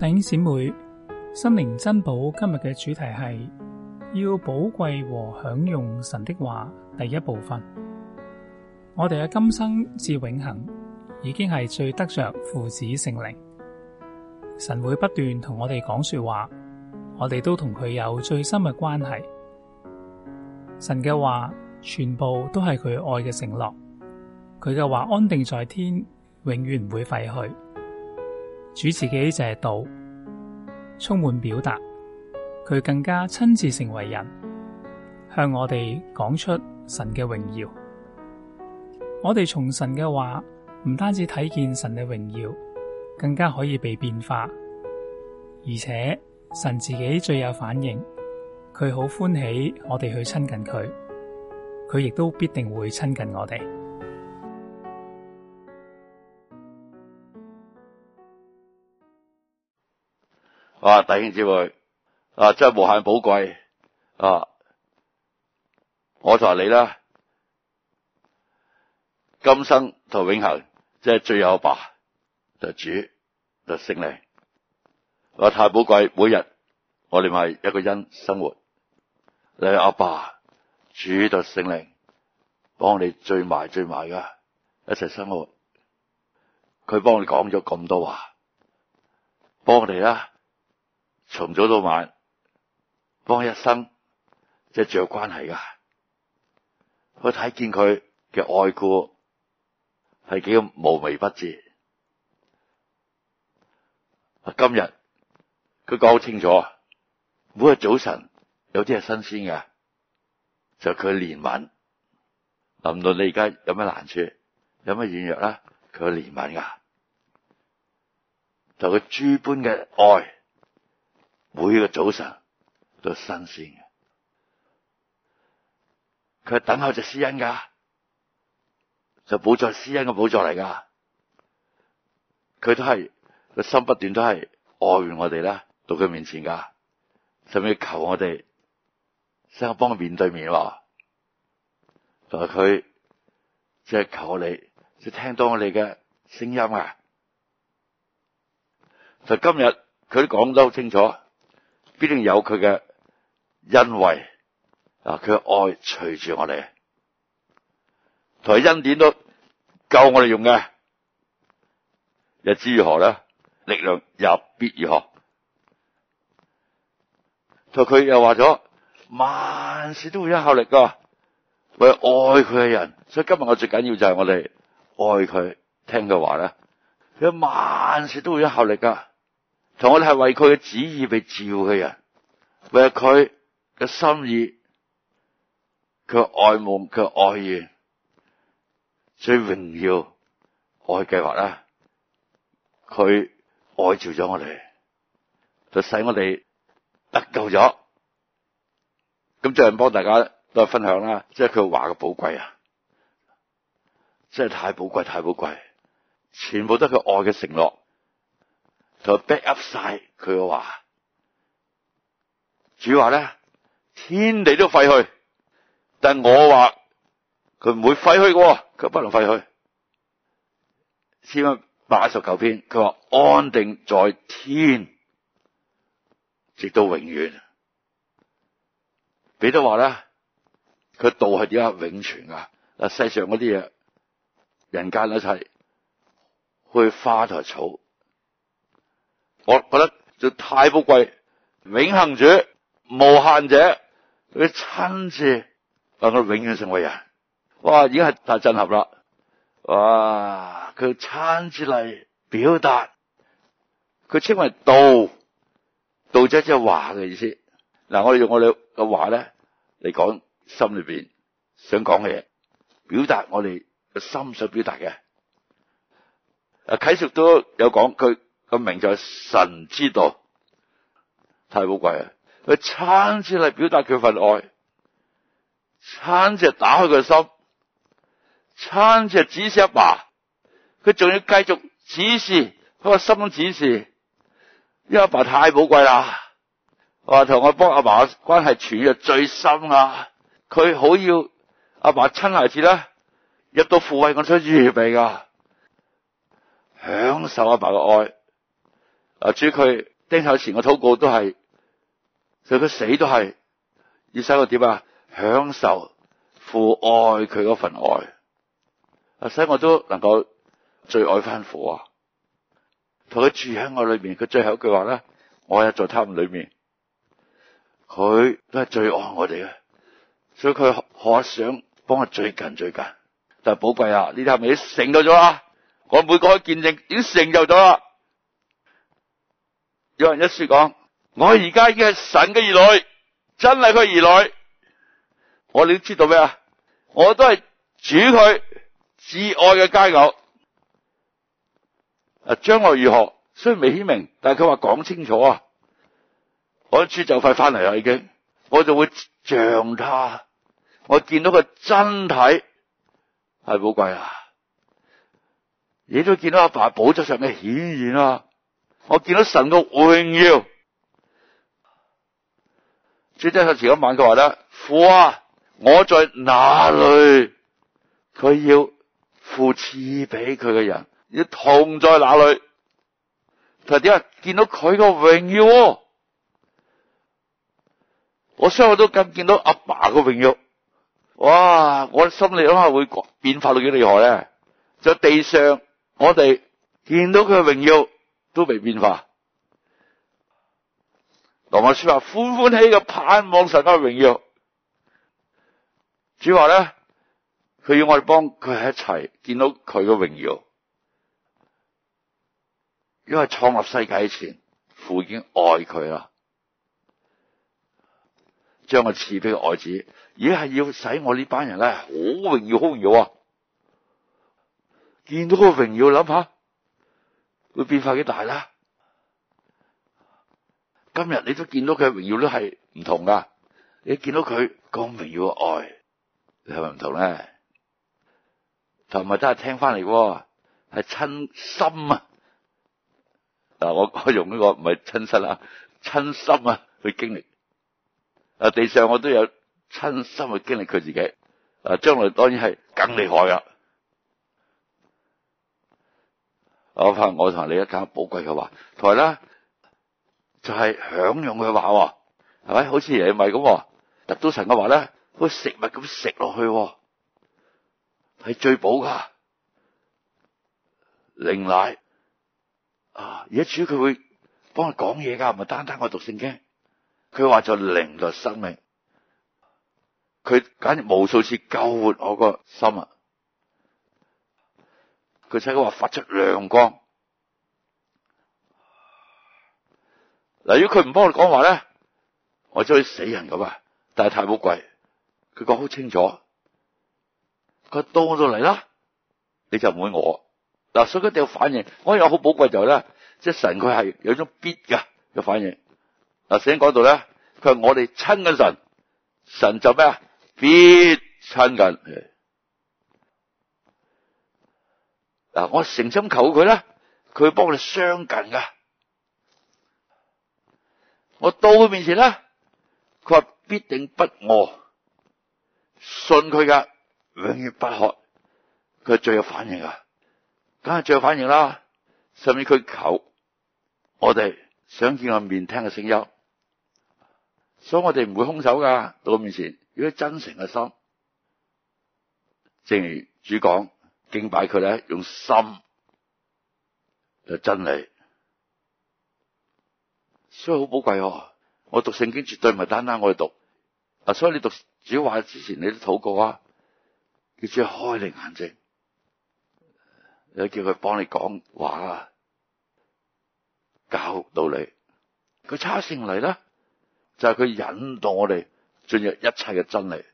弟兄姊妹，心靈珍寶，今日嘅主題係要寶貴和享用神的話，第一部分。我哋嘅今生至永恆，已經係最得着父子聖靈。神會不斷同我哋講說話，我哋都同佢有最深嘅關係。神嘅話全部都係佢愛嘅承諾，佢嘅話安定在天，永遠唔會廢去。主自己就係道，充滿表達，佢更加親自成為人，向我哋講出神嘅榮耀。我哋從神嘅話，唔單止睇見神嘅榮耀，更加可以被變化。而且神自己最有反應，佢好歡喜我哋去親近佢，佢亦都必定會親近我哋。啊！弟兄姊妹啊，真係無限寶貴啊！我話你啦，今生同永恒，即係最有爸，爸就是、主就是、聖靈。我、啊、太寶貴，每日我哋咪一,一個人生活。你阿爸，爸主就聖靈，幫你最埋最埋噶，一齊生活。佢幫你講咗咁多話，幫我哋啦。從早到晚，幫佢一生即係最關係噶，我睇見佢嘅愛顧係幾咁無微不至。今日佢講好清楚，每日早晨有啲係新鮮嘅，就佢憐憫，無論你而家有咩難處，有咩軟弱啦，佢憐憫噶，就佢、是、豬般嘅愛。每一個早晨都新鮮嘅，佢等候只施恩噶，就補助施恩嘅補助嚟噶。佢都係個心不斷都係愛住我哋啦，到佢面前噶，甚至求我哋想我幫佢面對面話，同埋佢即係求你，即係聽到我哋嘅聲音啊！就今日佢都講得好清楚。必定有佢嘅恩惠啊！佢嘅愛隨住我哋，同埋恩典都夠我哋用嘅。日子如何咧？力量又必如何？同佢又話咗，萬事都會有效力噶。為愛佢嘅人，所以今日我最緊要就係我哋愛佢，聽佢話咧。佢萬事都會有效力噶。同我哋係為佢嘅旨意被召嘅人，為佢嘅心意、佢愛慕、佢愛意，最榮耀愛計劃啦，佢愛召咗我哋，就使我哋得救咗。咁就係幫大家都係分享啦，即係佢話嘅寶貴啊，真係太寶貴，太寶貴，全部都係佢愛嘅承諾。佢 back up 晒，佢話主話咧，天地都廢去，但係我話佢唔會廢去嘅，佢不能廢去先。詩八十九篇，佢話安定在天，直到永遠。彼得話咧，佢道係點啊永存啊，世上嗰啲嘢，人間一切，去花同草。我覺得就太寶貴，永恒主，無限者佢親自能夠永遠成為人。哇！已經係大震撼啦！哇！佢親自嚟表達，佢稱為道，道即係話嘅意思。嗱，我哋用我哋嘅話咧嚟講，心裏邊想講嘅嘢，表達我哋嘅心想表達嘅。阿啟叔都有講佢。咁名就係神之道，太寶貴啊，佢親自嚟表達佢份愛，親自打開佢個心，親自指示阿爸，爸，佢仲要繼續指示，佢個心指示，因為阿爸，爸太寶貴啦。話同我幫阿爸，爸關係處得最深啦，佢好要阿爸親孩子啦。入到富貴，我都要預備噶，享受阿爸嘅愛。啊！主佢釘十字架前嘅禱告都係，佢佢死都係，要使我點啊享受父愛佢嗰份愛，啊使我都能夠最愛翻父啊，同佢住喺我裏面，佢最後一句話咧，我一在他們裏面，佢都係最愛我哋嘅，所以佢可想幫我最近最近，但寶貴啊！呢啲係咪成就咗啊？我每個見證已經成就咗啦。有人一說講，我而家已經係神嘅兒女，真係佢兒女。我哋都知道咩啊？我都係主佢至愛嘅佳偶。啊，將來如何？雖然未顯明，但係佢話講清楚啊！我一出就快翻嚟啦，已經。我就會像他，我見到佢真體係寶貴啊！你都見到阿爸寶座上面顯現啊。」我見到神個榮耀，最真實時嗰晚佢話咧，父啊，我在哪裏？佢要父賜俾佢嘅人，要同在哪裏？佢係點啊？見到佢個榮耀，我相信我都咁見到阿爸個榮耀。哇！我心裏諗下會變化到幾厲害咧？就地上，我哋見到佢嘅榮耀。都未變化。羅馬書話：歡歡喜嘅盼望神嘅榮耀。主話咧，佢要我哋幫佢喺一齊見到佢嘅榮耀，因為創立世界以前父已經愛佢啦，將我賜俾嘅愛子，而係要使我呢班人咧好榮耀，好榮耀啊！見到個榮耀想想，諗下。會變化幾大啦？今日你都見到佢榮耀都係唔同噶，你見到佢咁榮耀嘅愛，係咪唔同咧？就唔係真係聽翻嚟，係親心啊！嗱，我我用呢個唔係親身啊，親心啊去經歷啊，地上我都有親心去經歷佢自己啊，將來當然係更厲害呀。我怕我同你一間寶貴嘅話，同埋咧就係享用佢話，係咪？好似耶利米咁，得到神嘅話咧，好似食物咁食落去，係最補噶。靈奶啊，而家主要佢會幫佢講嘢噶，唔係單單我讀聖經，佢話就靈就生命，佢簡直無數次救活我個心啊！佢差唔多話發出亮光，嗱，如果佢唔幫我講話咧，我就好似死人咁啊！但係太寶貴，佢講好清楚，佢到我度嚟啦，你就唔會我嗱，所以一定要反應。我有好寶貴就咧、是，即係神佢係有種必㗎嘅反應嗱，聖經講到咧，佢係我哋親近神，神就咩啊？必親近。嗱，我誠心求佢咧，佢會幫我哋相近噶。我到佢面前啦，佢話必定不餓，信佢噶，永遠不渴，佢係最有反應噶，梗係最有反應啦。甚至佢求我哋想見個面，聽嘅聲音，所以我哋唔會空手噶到佢面前，如果真誠嘅心，正如主講。敬拜佢咧，用心嘅真理，所以好寶貴。我讀聖經絕對唔係單單我哋讀，啊，所以你讀主話之前你，你都禱告啊，你只佢開你眼睛，又叫佢幫你講話啊，教導你，佢差聖嚟咧，就係、是、佢引導我哋進入一切嘅真理。